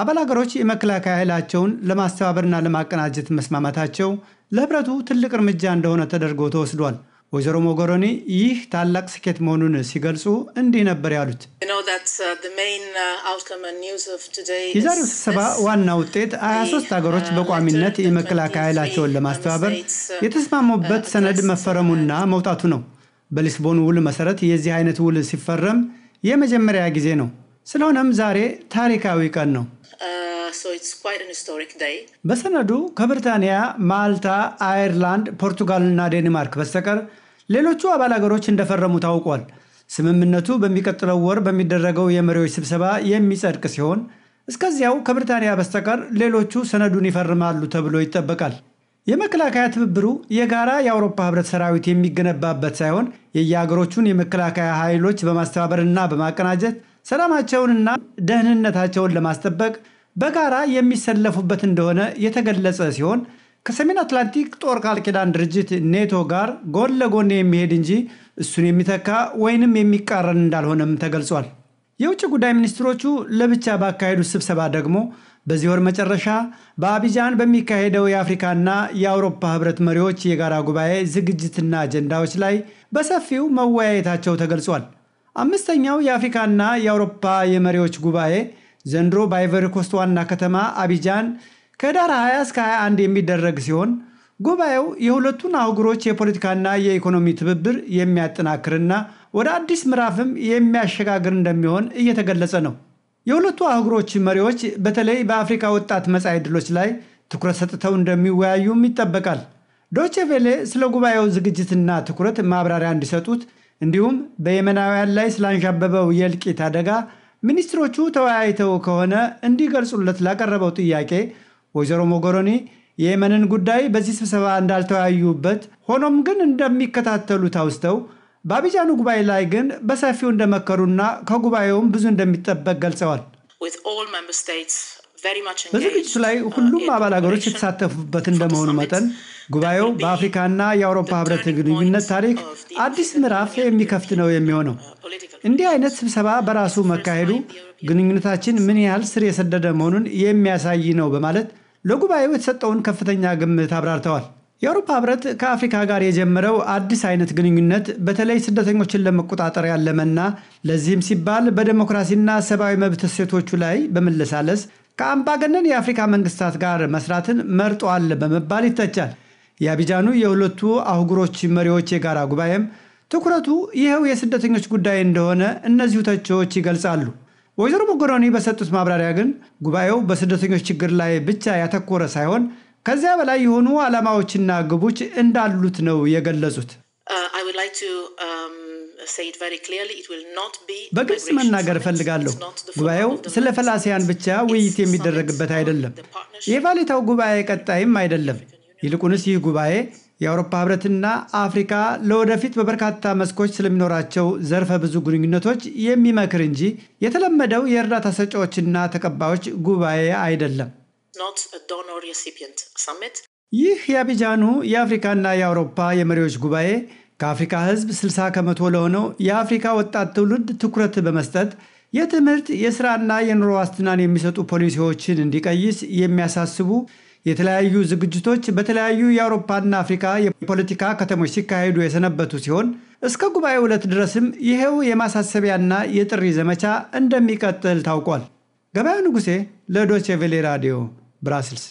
አባል አገሮች የመከላከያ ኃይላቸውን ለማስተባበርና ለማቀናጀት መስማማታቸው ለህብረቱ ትልቅ እርምጃ እንደሆነ ተደርጎ ተወስዷል። ወይዘሮ ሞጎሮኒ ይህ ታላቅ ስኬት መሆኑን ሲገልጹ እንዲህ ነበር ያሉት። uh, uh, የዛሬው ስብሰባ ዋና ውጤት 23 ሀገሮች uh, በቋሚነት የመከላከያ ኃይላቸውን ለማስተባበር የተስማሙበት ሰነድ መፈረሙና መውጣቱ ነው። በሊስቦን ውል መሰረት የዚህ አይነት ውል ሲፈረም የመጀመሪያ ጊዜ ነው። ስለሆነም ዛሬ ታሪካዊ ቀን ነው። uh, በሰነዱ ከብሪታንያ፣ ማልታ፣ አየርላንድ፣ እና ዴንማርክ በስተቀር ሌሎቹ አባል አገሮች እንደፈረሙ ታውቋል። ስምምነቱ በሚቀጥለው ወር በሚደረገው የመሪዎች ስብሰባ የሚጸድቅ ሲሆን እስከዚያው ከብሪታንያ በስተቀር ሌሎቹ ሰነዱን ይፈርማሉ ተብሎ ይጠበቃል። የመከላከያ ትብብሩ የጋራ የአውሮፓ ህብረት ሰራዊት የሚገነባበት ሳይሆን የየአገሮቹን የመከላከያ ኃይሎች በማስተባበርና በማቀናጀት ሰላማቸውንና ደህንነታቸውን ለማስጠበቅ በጋራ የሚሰለፉበት እንደሆነ የተገለጸ ሲሆን ከሰሜን አትላንቲክ ጦር ቃል ኪዳን ድርጅት ኔቶ ጋር ጎን ለጎን የሚሄድ እንጂ እሱን የሚተካ ወይንም የሚቃረን እንዳልሆነም ተገልጿል። የውጭ ጉዳይ ሚኒስትሮቹ ለብቻ ባካሄዱት ስብሰባ ደግሞ በዚህ ወር መጨረሻ በአቢጃን በሚካሄደው የአፍሪካና የአውሮፓ ህብረት መሪዎች የጋራ ጉባኤ ዝግጅትና አጀንዳዎች ላይ በሰፊው መወያየታቸው ተገልጿል። አምስተኛው የአፍሪካና የአውሮፓ የመሪዎች ጉባኤ ዘንድሮ በአይቨሪኮስት ዋና ከተማ አቢጃን ከዳር 20 እስከ 21 የሚደረግ ሲሆን ጉባኤው የሁለቱን አህጉሮች የፖለቲካና የኢኮኖሚ ትብብር የሚያጠናክርና ወደ አዲስ ምዕራፍም የሚያሸጋግር እንደሚሆን እየተገለጸ ነው። የሁለቱ አህጉሮች መሪዎች በተለይ በአፍሪካ ወጣት መጻኢ ዕድሎች ላይ ትኩረት ሰጥተው እንደሚወያዩም ይጠበቃል። ዶቼ ቬሌ ስለ ጉባኤው ዝግጅትና ትኩረት ማብራሪያ እንዲሰጡት እንዲሁም በየመናውያን ላይ ስላንዣበበው የእልቂት አደጋ ሚኒስትሮቹ ተወያይተው ከሆነ እንዲገልጹለት ላቀረበው ጥያቄ ወይዘሮ ሞጎሮኒ የየመንን ጉዳይ በዚህ ስብሰባ እንዳልተወያዩበት ሆኖም ግን እንደሚከታተሉት አውስተው በአቢጃኑ ጉባኤ ላይ ግን በሰፊው እንደመከሩና ከጉባኤውም ብዙ እንደሚጠበቅ ገልጸዋል። በዝግጅቱ ላይ uh, ሁሉም አባል ሀገሮች የተሳተፉበት እንደመሆኑ መጠን ጉባኤው በአፍሪካና የአውሮፓ ህብረት ግንኙነት ታሪክ አዲስ ምዕራፍ የሚከፍት ነው uh, የሚሆነው። እንዲህ አይነት ስብሰባ በራሱ መካሄዱ ግንኙነታችን ምን ያህል ስር የሰደደ መሆኑን የሚያሳይ ነው በማለት ለጉባኤው የተሰጠውን ከፍተኛ ግምት አብራርተዋል። የአውሮፓ ህብረት ከአፍሪካ ጋር የጀመረው አዲስ አይነት ግንኙነት በተለይ ስደተኞችን ለመቆጣጠር ያለመና ለዚህም ሲባል በዴሞክራሲና ሰብአዊ መብት እሴቶቹ ላይ በመለሳለስ ከአምባገነን የአፍሪካ መንግስታት ጋር መስራትን መርጧል በመባል ይተቻል። የአቢጃኑ የሁለቱ አህጉሮች መሪዎች የጋራ ጉባኤም ትኩረቱ ይኸው የስደተኞች ጉዳይ እንደሆነ እነዚሁ ተቺዎች ይገልጻሉ። ወይዘሮ ሞጎሮኒ በሰጡት ማብራሪያ ግን ጉባኤው በስደተኞች ችግር ላይ ብቻ ያተኮረ ሳይሆን ከዚያ በላይ የሆኑ ዓላማዎችና ግቦች እንዳሉት ነው የገለጹት። uh, um, በግልጽ መናገር እፈልጋለሁ። ጉባኤው ስለ ፈላሲያን ብቻ ውይይት የሚደረግበት አይደለም፣ የቫሌታው ጉባኤ ቀጣይም አይደለም። ይልቁንስ ይህ ጉባኤ የአውሮፓ ህብረትና አፍሪካ ለወደፊት በበርካታ መስኮች ስለሚኖራቸው ዘርፈ ብዙ ግንኙነቶች የሚመክር እንጂ የተለመደው የእርዳታ ሰጪዎችና ተቀባዮች ጉባኤ አይደለም። ይህ የአቢጃኑ የአፍሪካና የአውሮፓ የመሪዎች ጉባኤ ከአፍሪካ ህዝብ 60 ከመቶ ለሆነው የአፍሪካ ወጣት ትውልድ ትኩረት በመስጠት የትምህርት የስራና የኑሮ ዋስትናን የሚሰጡ ፖሊሲዎችን እንዲቀይስ የሚያሳስቡ የተለያዩ ዝግጅቶች በተለያዩ የአውሮፓና አፍሪካ የፖለቲካ ከተሞች ሲካሄዱ የሰነበቱ ሲሆን እስከ ጉባኤ ሁለት ድረስም ይሄው የማሳሰቢያና የጥሪ ዘመቻ እንደሚቀጥል ታውቋል። ገበያው ንጉሴ ለዶቼ ራዲዮ ብራስልስ